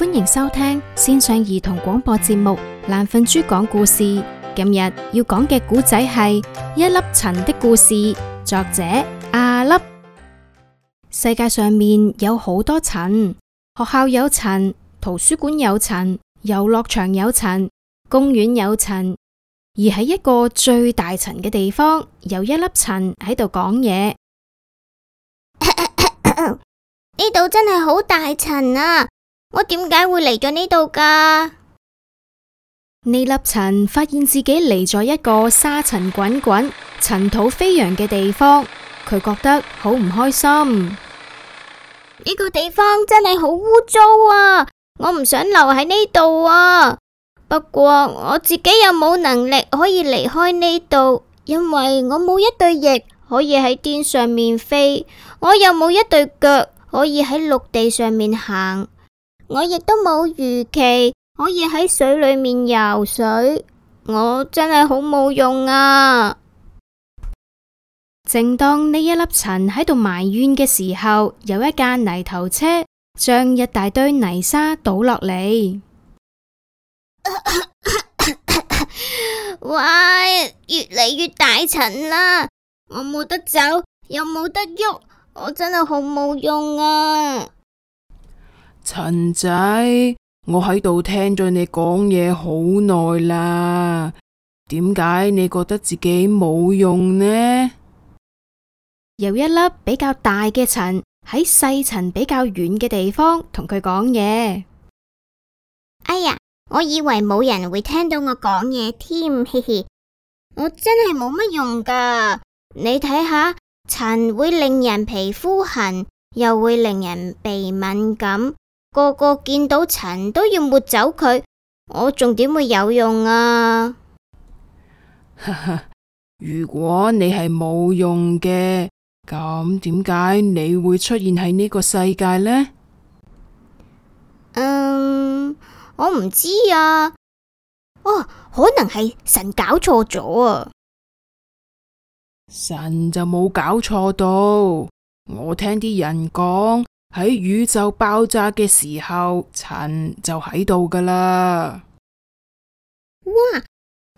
歡迎收聽綫上兒童廣播節目《爛瞓豬講故事》。今日要講嘅故仔係《一粒塵的故事》，作者阿粒。世界上面有好多塵，學校有塵，圖書館有塵，遊樂場有塵，公園有塵。而喺一個最大塵嘅地方，有一粒塵喺度講嘢。呢度 真係好大塵啊！我點解會嚟咗呢度㗎？呢粒塵發現自己嚟咗一個沙塵滾滾、塵土飛揚嘅地方，佢覺得好唔開心。呢個地方真係好污糟啊！我唔想留喺呢度啊。不過我自己又冇能力可以離開呢度，因為我冇一對翼可以喺天上面飛，我又冇一對腳可以喺陸地上面行。我亦都冇預期可以喺水裏面游水，我真係好冇用啊！正當呢一粒塵喺度埋怨嘅時候，有一架泥頭車將一大堆泥沙倒落嚟 喂，越嚟越大塵啦！我冇得走，又冇得喐，我真係好冇用啊！塵仔，我喺度聽咗你講嘢好耐啦，點解你覺得自己冇用呢？有一粒比較大嘅塵喺細塵比較遠嘅地方同佢講嘢。哎呀，我以為冇人會聽到我講嘢添，嘻嘻，我真係冇乜用噶你睇下，塵會令人皮膚痕，又會令人鼻敏感。個個見到塵都要抹走佢，我仲點會有用啊？哈哈，如果你係冇用嘅，咁點解你會出現喺呢個世界呢？嗯，我唔知啊。哦，可能係神搞錯咗啊。神就冇搞錯到，我聽啲人講。喺宇宙爆炸嘅時候，塵就喺度噶啦。哇！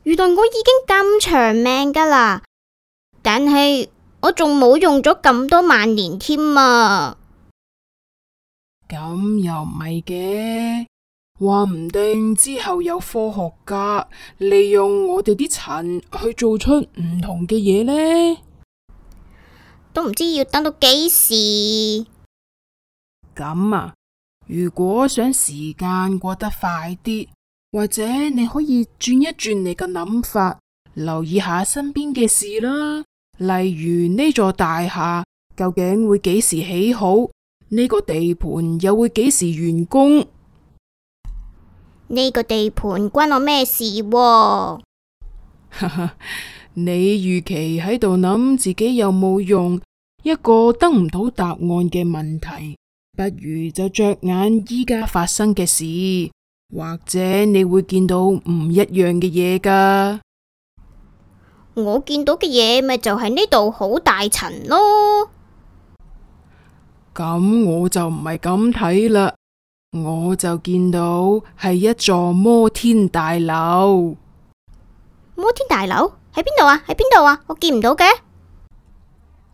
原來我已經咁長命噶啦，但係我仲冇用咗咁多萬年添啊！咁又唔係嘅，話唔定之後有科學家利用我哋啲塵去做出唔同嘅嘢呢？都唔知要等到幾時。咁啊！如果想時間過得快啲，或者你可以轉一轉你嘅諗法，留意下身邊嘅事啦。例如呢座大廈究竟會幾時起好？你個地盤又會幾時完工？呢個地盤關我咩事啊？哈哈，你預期喺度諗自己有冇用一個得唔到答案嘅問題？不如就着眼依家發生嘅事，或者你會見到唔一樣嘅嘢噶。我見到嘅嘢咪就係呢度好大塵咯。咁我就唔係咁睇啦，我就見到係一座摩天大樓。摩天大樓喺邊度啊？喺邊度啊？我見唔到嘅。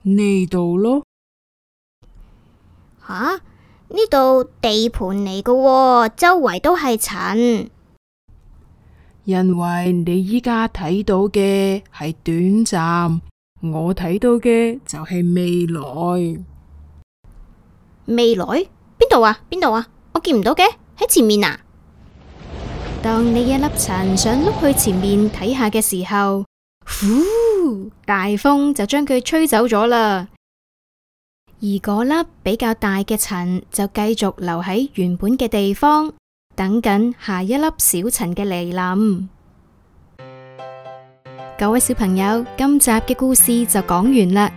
呢度咯。吓！呢度、啊、地盤嚟㗎，周圍都係塵。因為你依家睇到嘅係短暫，我睇到嘅就係未來。未來？邊度啊？邊度啊？我見唔到嘅。喺前面啊！當你一粒塵想碌去前面睇下嘅時候，呼！大風就將佢吹走咗啦。而嗰粒比較大嘅塵就繼續留喺原本嘅地方，等緊下一粒小塵嘅嚟臨。 各位小朋友，今集嘅故事就講完啦。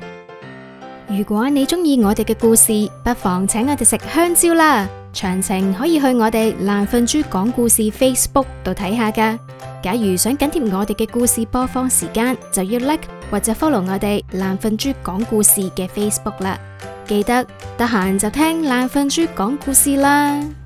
如果你中意我哋嘅故事，不妨請我哋食香蕉啦。詳情可以去我哋爛瞓豬講故事 Facebook 度睇下噶。假如想緊貼我哋嘅故事播放時間，就要 like 或者 follow 我哋爛瞓豬講故事嘅 Facebook 啦。記得得閒就聽《懶瞓豬》講故事啦～